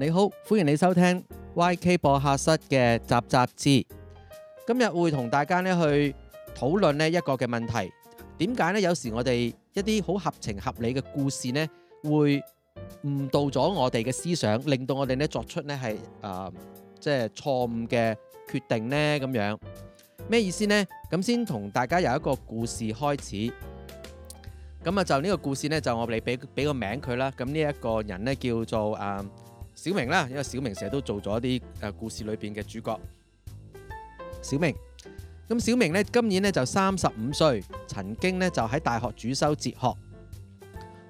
你好，歡迎你收聽 YK 播客室嘅集雜誌。今日會同大家咧去討論咧一個嘅問題，點解咧有時我哋一啲好合情合理嘅故事咧會誤導咗我哋嘅思想，令到我哋咧作出咧係誒即係錯誤嘅決定呢？咁樣咩意思呢？咁先同大家由一個故事開始。咁啊就呢個故事呢，就我哋俾俾個名佢啦。咁呢一個人咧叫做誒。呃小明啦，因為小明成日都做咗啲誒故事裏邊嘅主角。小明，咁小明呢今年呢，就三十五歲，曾經呢，就喺大學主修哲學，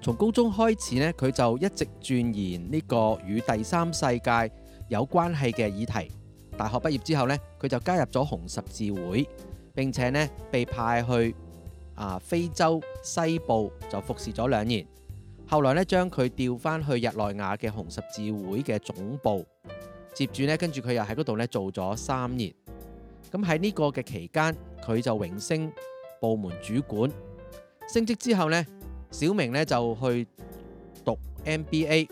從高中開始呢，佢就一直鑽研呢個與第三世界有關係嘅議題。大學畢業之後呢，佢就加入咗紅十字會，並且呢，被派去啊非洲西部就服侍咗兩年。後來咧，將佢調翻去日內瓦嘅紅十字會嘅總部，接住咧，跟住佢又喺嗰度咧做咗三年。咁喺呢個嘅期間，佢就榮升部門主管。升職之後咧，小明咧就去讀 MBA，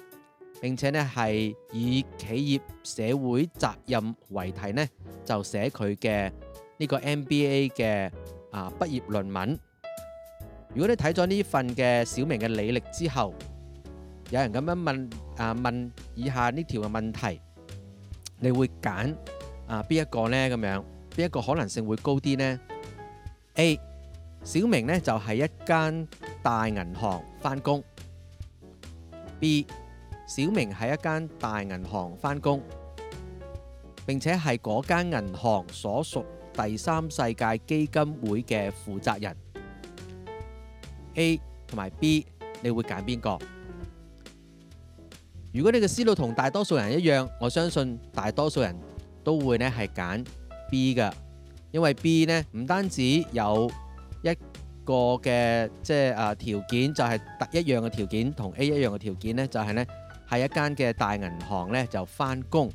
並且咧係以企業社會責任為題咧，就寫佢嘅呢個 MBA 嘅啊畢業論文。如果你睇咗呢份嘅小明嘅履歷之後，有人咁樣問啊問以下呢條嘅問題，你會揀啊邊一個呢？咁樣邊一個可能性會高啲呢？」A 小明呢就喺一間大銀行翻工，B 小明喺一間大銀行翻工，並且係嗰間銀行所屬第三世界基金會嘅負責人。A 同埋 B，你會揀邊個？如果你嘅思路同大多數人一樣，我相信大多數人都會呢係揀 B 噶，因為 B 呢，唔單止有一個嘅即係啊條件，就係、是、一樣嘅條件同 A 一樣嘅條件呢，就係、是、呢，係一間嘅大銀行呢，就翻工，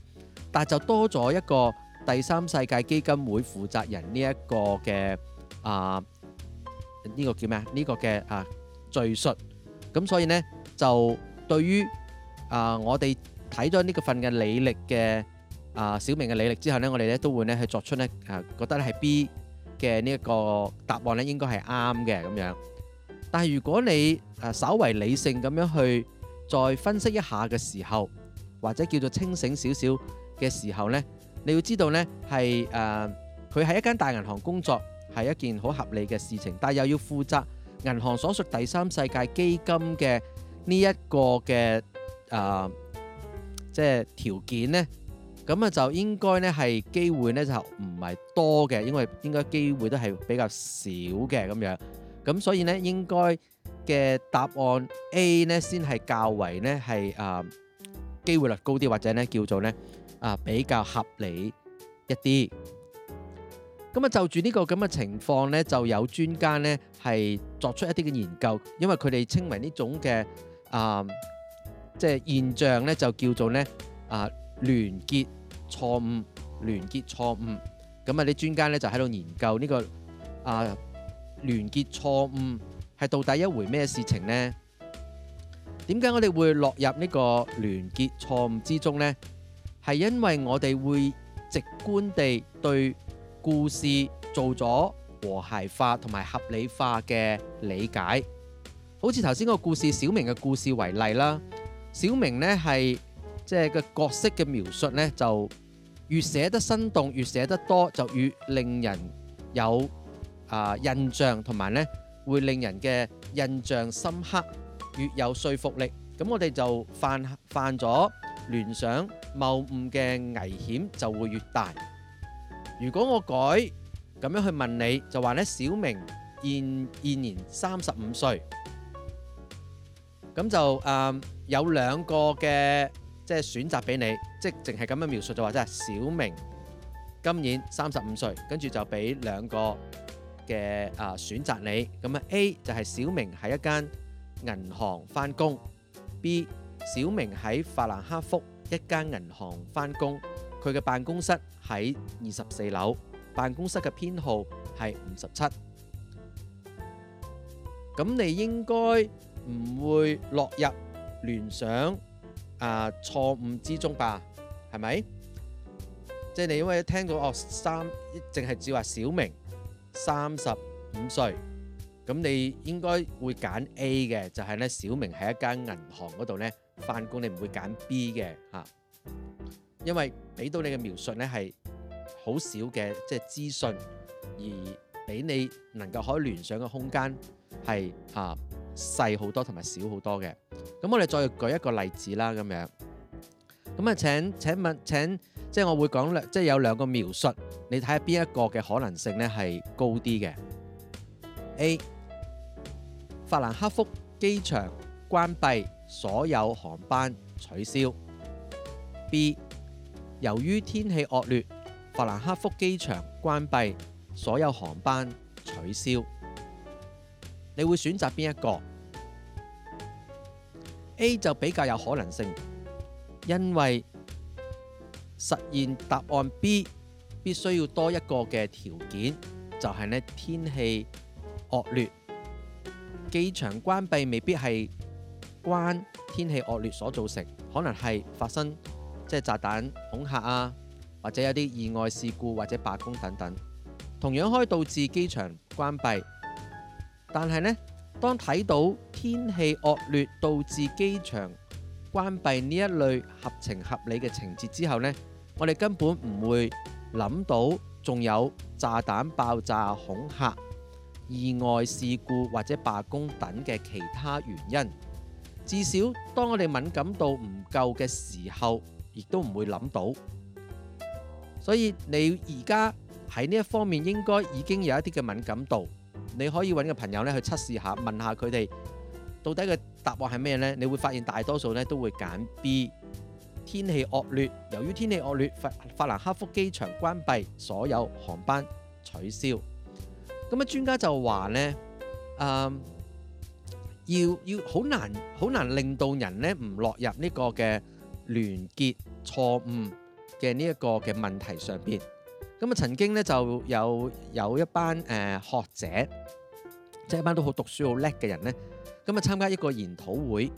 但就多咗一個第三世界基金會負責人呢一個嘅啊。呢個叫咩、這個、啊？呢個嘅啊敘述，咁所以呢，就對於啊、呃、我哋睇咗呢個份嘅履歷嘅啊小明嘅履歷之後呢，我哋呢都會呢去作出呢，啊覺得呢係 B 嘅呢一個答案呢應該係啱嘅咁樣。但係如果你啊稍為理性咁樣去再分析一下嘅時候，或者叫做清醒少少嘅時候呢，你要知道呢，係誒佢喺一間大銀行工作。係一件好合理嘅事情，但係又要負責銀行所屬第三世界基金嘅呢一個嘅誒、呃，即係條件呢。咁啊就應該呢係機會呢，就唔係多嘅，因為應該機會都係比較少嘅咁樣，咁所以呢，應該嘅答案 A 呢，先係較為呢係誒機會率高啲，或者呢叫做呢啊、呃，比較合理一啲。咁啊，就住呢個咁嘅情況呢，就有專家呢係作出一啲嘅研究，因為佢哋稱為呢種嘅啊，即係現象呢，就叫做咧啊聯結錯誤，聯結錯誤。咁啊，啲專家呢就喺度研究呢個啊、呃、聯結錯誤係到底一回咩事情呢？點解我哋會落入呢個聯結錯誤之中呢？係因為我哋會直觀地對故事做咗和諧化同埋合理化嘅理解，好似頭先個故事小明嘅故事為例啦。小明呢係即係個角色嘅描述呢就越寫得生動，越寫得多，就越令人有啊、呃、印象同埋呢會令人嘅印象深刻，越有說服力。咁我哋就犯犯咗聯想謬誤嘅危險，就會越大。如果我改咁樣去問你，就話咧，小明現現年三十五歲，咁就誒有兩個嘅即係選擇俾你，即係淨係咁樣描述就話啫。小明今年三十五歲，跟住就俾兩個嘅啊選擇你。咁啊 A 就係小明喺一間銀行翻工，B 小明喺法蘭克福一間銀行翻工。佢嘅辦公室喺二十四樓，辦公室嘅編號係五十七。咁你應該唔會落入聯想啊錯誤之中吧？係咪？即係你因為聽到哦三，淨係只話小明三十五歲，咁你應該會揀 A 嘅，就係咧小明喺一間銀行嗰度咧翻工，辦公你唔會揀 B 嘅嚇。啊因為俾到你嘅描述咧，係好少嘅即係資訊，而俾你能夠可以聯想嘅空間係啊細好多，和小很多的，同埋少好多嘅。咁我哋再舉一個例子啦，咁樣咁啊，請請問請即係我會講兩即係有兩個描述，你睇下邊一個嘅可能性咧係高啲嘅 A。法蘭克福機場關閉，所有航班取消。B。由於天氣惡劣，法蘭克福機場關閉，所有航班取消。你會選擇邊一個？A 就比較有可能性，因為實現答案 B 必須要多一個嘅條件，就係呢天氣惡劣，機場關閉未必係關天氣惡劣所造成，可能係發生。即係炸彈恐嚇啊，或者有啲意外事故或者罷工等等，同樣可以導致機場關閉。但係呢，當睇到天氣惡劣導致機場關閉呢一類合情合理嘅情節之後呢，我哋根本唔會諗到仲有炸彈爆炸、恐嚇、意外事故或者罷工等嘅其他原因。至少當我哋敏感度唔夠嘅時候。亦都唔會諗到，所以你而家喺呢一方面應該已經有一啲嘅敏感度，你可以揾個朋友咧去測試下，問下佢哋到底嘅答案係咩？呢你會發現大多數咧都會揀 B。天氣惡劣，由於天氣惡劣，法法蘭克福機場關閉，所有航班取消。咁啊，專家就話呢，嗯，要要好難好難令到人呢唔落入呢個嘅，聯結錯誤嘅呢一個嘅問題上邊，咁啊曾經咧就有有一班誒、呃、學者，即、就、係、是、一班都好讀書好叻嘅人咧，咁啊參加一個研討會，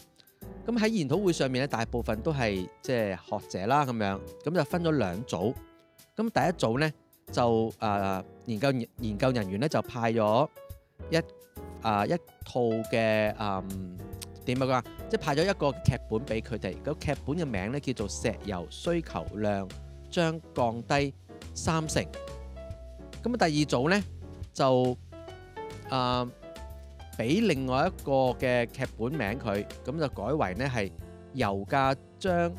咁喺研討會上面咧，大部分都係即係學者啦咁樣，咁就分咗兩組，咁第一組咧就啊研究研究人員咧就派咗一啊、呃、一套嘅啊。呃點啊？即係派咗一個劇本俾佢哋，個劇本嘅名咧叫做《石油需求量將降低三成》。咁啊，第二組咧就誒俾另外一個嘅劇本名佢，咁就改為咧係油價將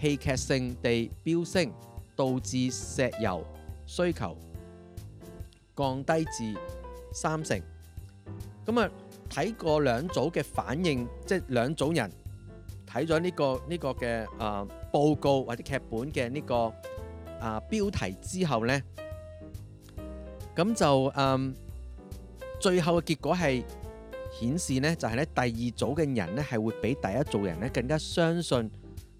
戲劇性地飆升，導致石油需求降低至三成。咁啊～睇過兩組嘅反應，即係兩組人睇咗呢個呢個嘅啊報告或者劇本嘅呢個啊標題之後咧，咁就嗯最後嘅結果係顯示咧，就係咧第二組嘅人咧係會比第一組人咧更加相信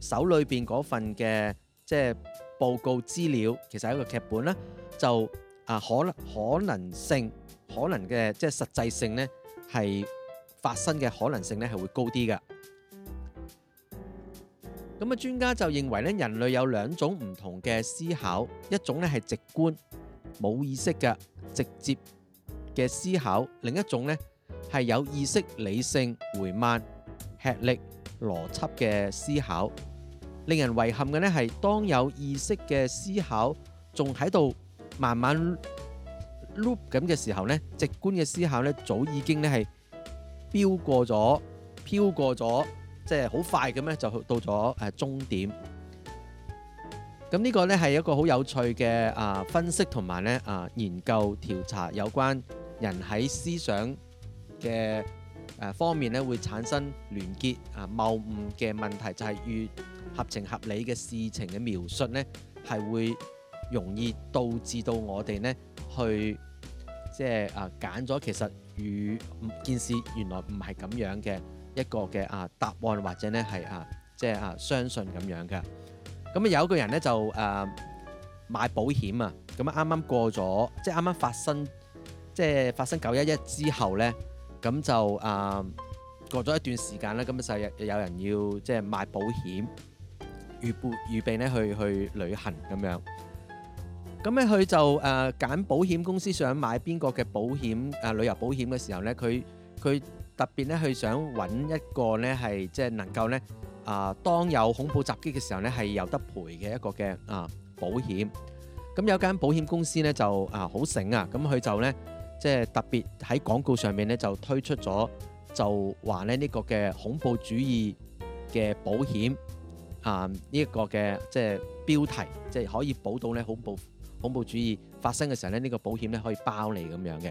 手裏邊嗰份嘅即係報告資料，其實係一個劇本咧，就啊可能可能性可能嘅即係實際性咧，係發生嘅可能性咧係會高啲噶，咁啊專家就認為咧，人類有兩種唔同嘅思考，一種咧係直觀冇意識嘅直接嘅思考，另一種咧係有意識、理性、緩慢、吃力、邏輯嘅思考。令人遺憾嘅咧係，當有意識嘅思考仲喺度慢慢。Loop 咁嘅時候呢，直觀嘅思考呢，早已經呢係飆過咗、飆過咗，即係好快咁呢，就到咗誒終點。咁呢個呢，係一個好有趣嘅啊分析同埋呢啊研究調查有關人喺思想嘅誒方面呢，會產生聯結啊謬誤嘅問題，就係越合情合理嘅事情嘅描述呢，係會容易導致到我哋呢。去即係啊，揀咗其實與件事原來唔係咁樣嘅一個嘅啊答案，或者咧係啊，即係啊相信咁樣嘅。咁啊有一個人呢，就誒、啊、買保險啊，咁啊啱啱過咗，即係啱啱發生，即係發生九一一之後呢，咁就啊過咗一段時間啦，咁就有人要即係買保險，預備預備咧去去旅行咁樣。咁咧佢就誒揀，呃，保險公司想買邊個嘅保險誒，呃，旅遊保險嘅時候咧，佢佢特別咧去想揾一個咧係即係能夠咧啊，呃，當有恐怖襲擊嘅時候咧係有得賠嘅一個嘅啊，呃，保險。咁有間保險公司咧就啊好醒啊。咁，呃，佢就咧即係特別喺廣告上面咧就推出咗就話咧呢、呢個嘅恐怖主義嘅保險啊呢一個嘅即係標題即係，即係，可以保到咧恐怖。恐怖主義發生嘅時候咧，呢個保險咧可以包你咁樣嘅。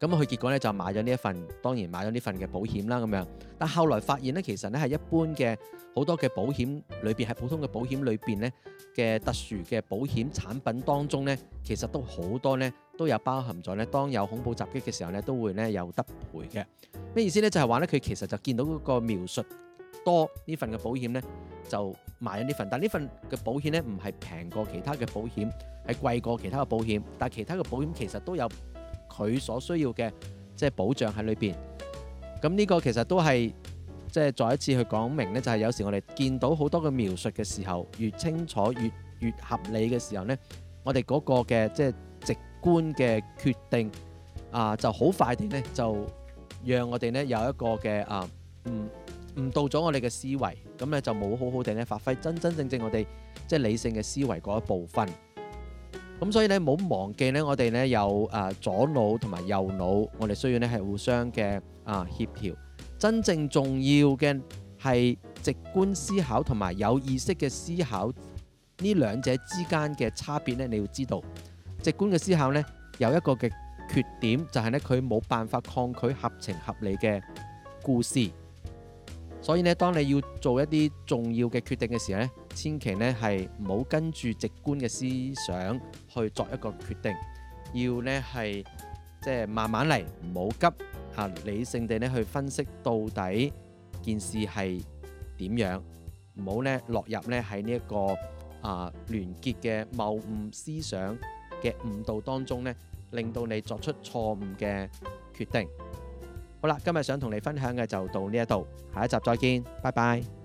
咁佢結果咧就買咗呢一份，當然買咗呢份嘅保險啦。咁樣，但後來發現咧，其實咧係一般嘅好多嘅保險裏邊，喺普通嘅保險裏邊咧嘅特殊嘅保險產品當中咧，其實都好多咧都有包含咗咧。當有恐怖襲擊嘅時候咧，都會咧有得賠嘅。咩意思咧？就係話咧，佢其實就見到嗰個描述。多呢份嘅保險呢，就買咗呢份，但呢份嘅保險呢，唔係平過其他嘅保險，係貴過其他嘅保險。但其他嘅保險其實都有佢所需要嘅即係保障喺裏邊。咁呢個其實都係即係再一次去講明呢，就係有時我哋見到好多嘅描述嘅時候，越清楚越越合理嘅時候呢，我哋嗰個嘅即係直觀嘅決定啊，就好快啲呢，就讓我哋呢有一個嘅啊嗯，誤導咗我哋嘅思維，咁咧就冇好好地咧發揮真真正正我哋即係理性嘅思維嗰一部分。咁所以咧，冇忘記咧，我哋咧有誒左腦同埋右腦，我哋需要咧係互相嘅啊協調。真正重要嘅係直觀思考同埋有意識嘅思考呢兩者之間嘅差別咧，你要知道直觀嘅思考咧有一個嘅缺點，就係咧佢冇辦法抗拒合情合理嘅故事。所以咧，當你要做一啲重要嘅決定嘅時候咧，千祈咧係唔好跟住直觀嘅思想去作一個決定，要咧係即係慢慢嚟，唔好急吓，理性地咧去分析到底件事係點樣，唔好咧落入咧喺呢一個啊連結嘅謬誤思想嘅誤導當中咧，令到你作出錯誤嘅決定。好啦，今日想同你分享嘅就到呢一度，下一集再見，拜拜。